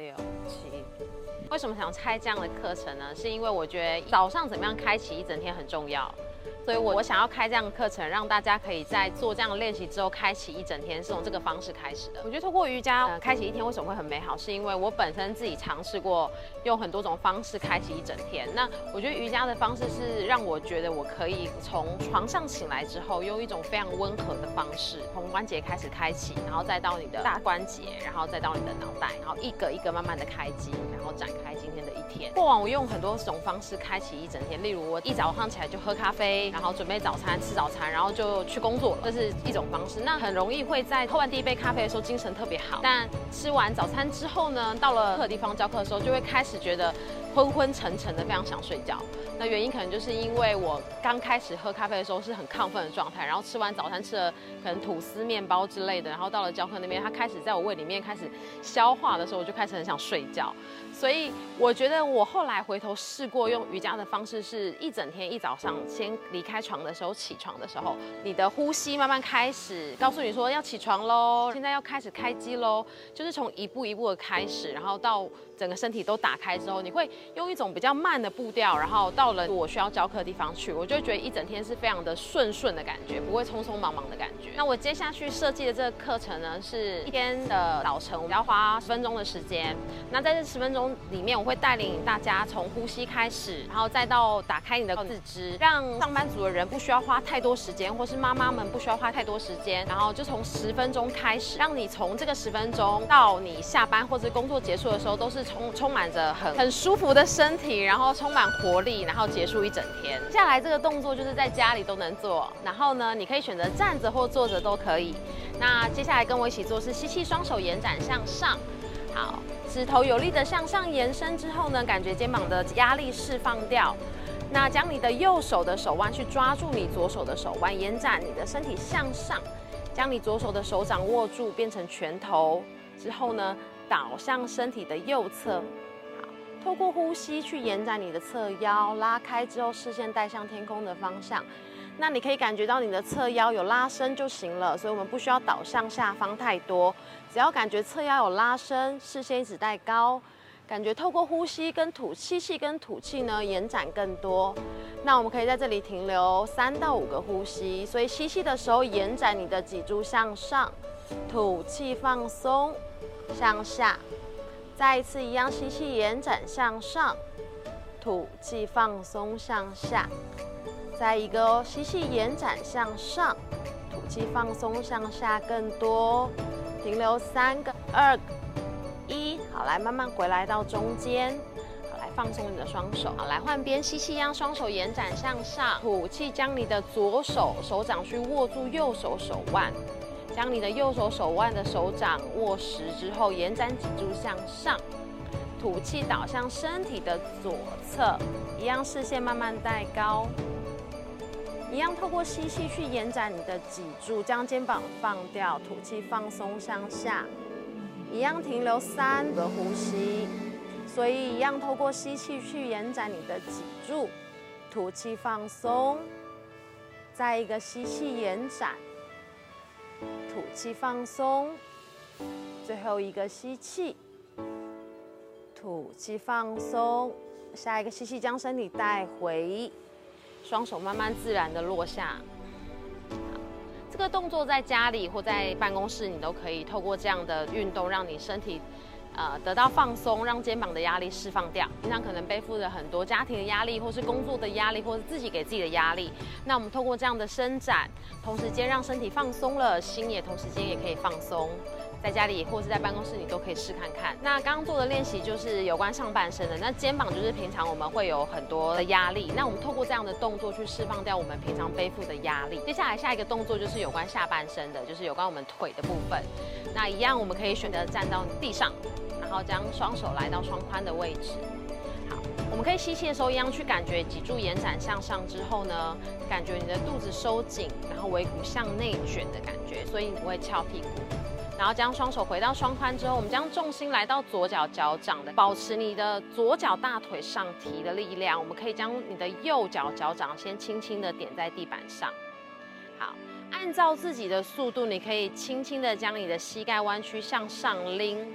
六七，為什麼想要開這樣的課程呢？是因為我覺得早上怎麼樣開啟一整天很重要。所以我想要開這樣的課程，讓大家可以在做這樣的練習之後，開啟一整天是從這個方式開始的。我覺得通過瑜伽，開啟一天為什麼會很美好，是因為我本身自己嘗試過用很多種方式開啟一整天。那我覺得瑜伽的方式是讓我覺得我可以從床上醒來之後，用一種非常溫和的方式，從關節開始開啟，然後再到你的大關節，然後再到你的腦袋，然後一個一個慢慢的開機，然後展開。過往我用很多種方式開啟一整天，例如我一早上起來就喝咖啡，然後準備早餐、吃早餐，然後就去工作了，這是一種方式。那很容易會在喝完第一杯咖啡的時候精神特別好，但吃完早餐之後呢，到了課的地方教課的時候，就會開始覺得。昏昏沉沉的，非常想睡覺。那原因可能就是因為我剛開始喝咖啡的時候是很亢奮的狀態，然後吃完早餐吃了可能吐司麵包之類的，然後到了教科那邊，他開始在我胃裡面開始消化的時候，我就開始很想睡覺。所以我覺得我後來回頭試過用瑜伽的方式，是一整天一早上先離開床的時候起床的時候，你的呼吸慢慢開始告訴你說要起床嘍，現在要開始開機嘍，就是從一步一步的開始，然後到。整個身體都打開之後，你會用一種比較慢的步調，然後到了我需要教課的地方去，我就會覺得一整天是非常的順順的感覺，不會匆匆忙忙的感覺。那我接下去設計的這個課程呢，是一天的早晨，我們要花十分鐘的時間。那在這十分鐘裡面，我會帶領大家從呼吸開始，然後再到打開你的四肢，讓上班族的人不需要花太多時間，或是媽媽們不需要花太多時間，然後就從十分鐘開始，讓你從這個十分鐘到你下班或者工作結束的時候都是。充充滿着很很舒服的身體，然後充滿活力，然後結束一整天。接下來這個動作就是在家裡都能做，然後呢，你可以選擇站着或坐着都可以。那接下來跟我一起做，是吸氣，雙手延展向上，好，指頭有力的向上延伸之後呢，感覺肩膀的壓力釋放掉。那將你的右手的手腕去抓住你左手的手腕，延展你的身體向上，將你左手的手掌握住，變成拳頭之後呢，倒向身體的右側，好，透過呼吸去延展你的側腰，拉開之後視線帶向天空的方向。那你可以感覺到你的側腰有拉伸就行了，所以我們不需要倒向下方太多，只要感覺側腰有拉伸，視線一直帶高，感覺透過呼吸跟吐氣，吸氣跟吐氣呢延展更多。那我們可以在這裡停留三到五個呼吸，所以吸氣的時候延展你的脊柱向上，吐氣放鬆。向下，再一次一樣吸氣延展向上，吐氣放鬆向下。再一個、哦，吸氣延展向上，吐氣放鬆向下。更多，停留三個，二個，一。好，來慢慢回來到中間。好，來放鬆你的雙手。好，來換邊，吸氣一樣，讓雙手延展向上，吐氣，將你的左手手掌去握住右手手腕。將你的右手手腕的手掌握實之後，延展脊柱向上，吐氣倒向身體的左側，一樣視線慢慢帶高，一樣透過吸氣去延展你的脊柱，將肩膀放掉，吐氣放鬆向下，一樣停留三個呼吸，所以一樣透過吸氣去延展你的脊柱，吐氣放鬆，再一個吸氣延展。吐氣放鬆，最後一個吸氣，吐氣放鬆，下一個吸氣，將身體帶回，雙手慢慢自然的落下。好，這個動作在家裡或在辦公室你都可以透過這樣的運動，讓你身體。呃，得到放鬆，讓肩膀的壓力釋放掉。平常可能背負着很多家庭的壓力，或是工作的壓力，或是自己給自己的壓力。那我們通過這樣的伸展，同時間讓身體放鬆了，心也同時間也可以放鬆。在家裡或是在辦公室，你都可以試看看。那剛剛做的練習就是有關上半身的，那肩膀就是平常我們會有很多的壓力。那我們透過這樣的動作去釋放掉我們平常背負的壓力。接下來下一個動作就是有關下半身的，就是有關我們腿的部分。那一樣，我們可以選擇站到地上，然後將雙手來到雙寬的位置。好，我們可以吸氣的時候一樣去感覺脊柱延展向上之後呢，感覺你的肚子收緊，然後尾骨向內捲的感覺，所以你不會翹屁股。然後將雙手回到雙髖之後，我們將重心來到左腳腳掌的，保持你的左腳大腿上提的力量。我們可以將你的右腳腳掌先輕輕的點在地板上。好，按照自己的速度，你可以輕輕的將你的膝蓋彎曲向上拎。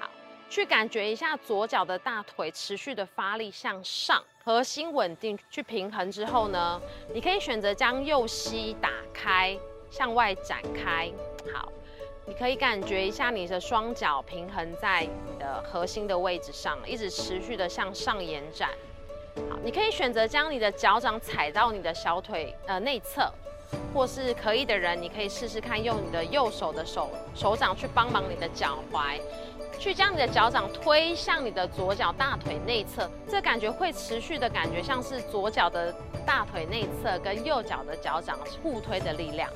好，去感覺一下左腳的大腿持續的發力向上，核心穩定去平衡之後呢，你可以選擇將右膝打開向外展開。好。你可以感覺一下你的雙腳平衡在你的核心的位置上，一直持續的向上延展。好，你可以選擇將你的腳掌踩到你的小腿呃內側，或是可以的人，你可以試試看用你的右手的手手掌去幫忙你的腳踝，去將你的腳掌推向你的左腳大腿內側，這感覺會持續的感覺像是左腳的大腿內側跟右腳的腳掌互推的力量。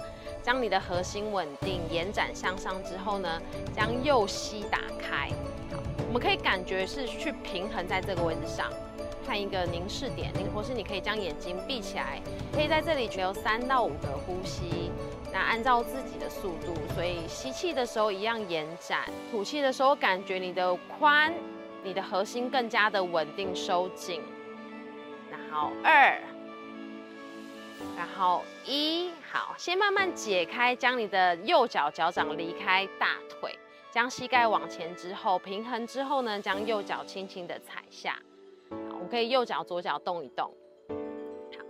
將你的核心穩定延展向上之後呢，將右膝打開，我們可以感覺是去平衡在這個位置上，看一個凝視點，或是你可以將眼睛閉起來，可以在這裡留三到五個呼吸。那按照自己的速度，所以吸氣的時候一樣延展，吐氣的時候感覺你的髖、你的核心更加的穩定收緊。然後二。然後一。好，先慢慢解開，將你的右腳腳掌離開大腿，將膝蓋往前之後平衡之後呢，將右腳輕輕的踩下。好，我們可以右腳左腳動一動。好，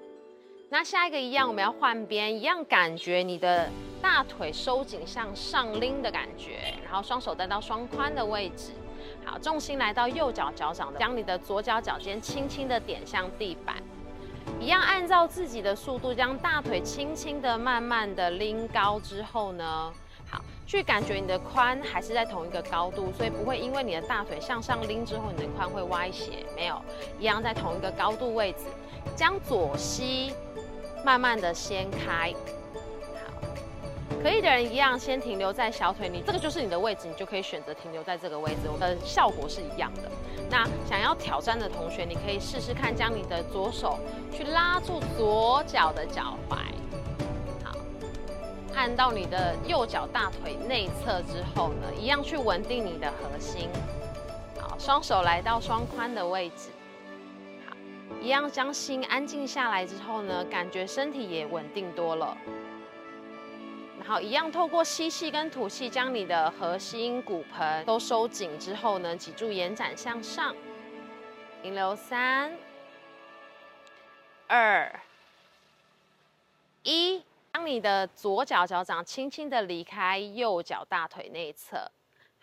那下一個一樣，我們要換邊，一樣感覺你的大腿收緊向上拎的感覺，然後雙手帶到雙髖的位置。好，重心來到右腳腳掌的，將你的左腳腳尖輕輕的點向地板。一樣按照自己的速度，將大腿輕輕的、慢慢的拎高之後呢，好，去感覺你的髖還是在同一個高度，所以不會因為你的大腿向上拎之後，你的髖會歪斜，沒有，一樣在同一個高度位置，將左膝慢慢的掀開。可以的人一樣，先停留在小腿，你這個就是你的位置，你就可以選擇停留在這個位置，我的效果是一樣的。那想要挑戰的同學，你可以試試看，將你的左手去拉住左腳的腳踝，好，按到你的右腳大腿內側之後呢，一樣去穩定你的核心，好，雙手來到雙寬的位置，好，一樣將心安靜下來之後呢，感覺身體也穩定多了。好，然後一樣透過吸氣跟吐氣，將你的核心骨盆都收緊之後呢，脊柱延展向上。停留三、二、一。將你的左腳腳掌輕輕的離開右腳大腿內側。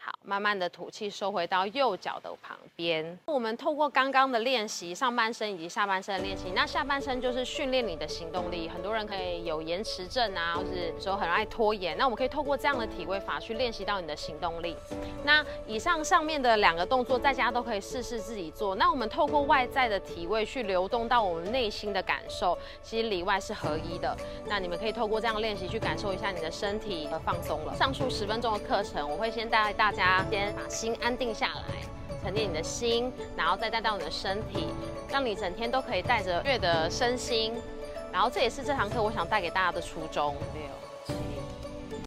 好，慢慢的吐氣，收回到右腳的旁邊。我們透過剛剛的練習，上半身以及下半身的練習，那下半身就是訓練你的行動力。很多人可以有延遲症啊，或者是說很愛拖延。那我們可以透過這樣的體位法去練習到你的行動力。那以上上面的兩個動作，在家都可以試試自己做。那我們透過外在的體位去流動到我們內心的感受，其實裡外是合一的。那你們可以透過這樣練習去感受一下你的身體和放鬆了。上述十分鐘的課程，我會先帶大。大家先把心安定下來，沉澱你的心，然後再帶到你的身體，讓你整天都可以帶着悅的身心。然後這也是這堂課我想帶給大家的初衷。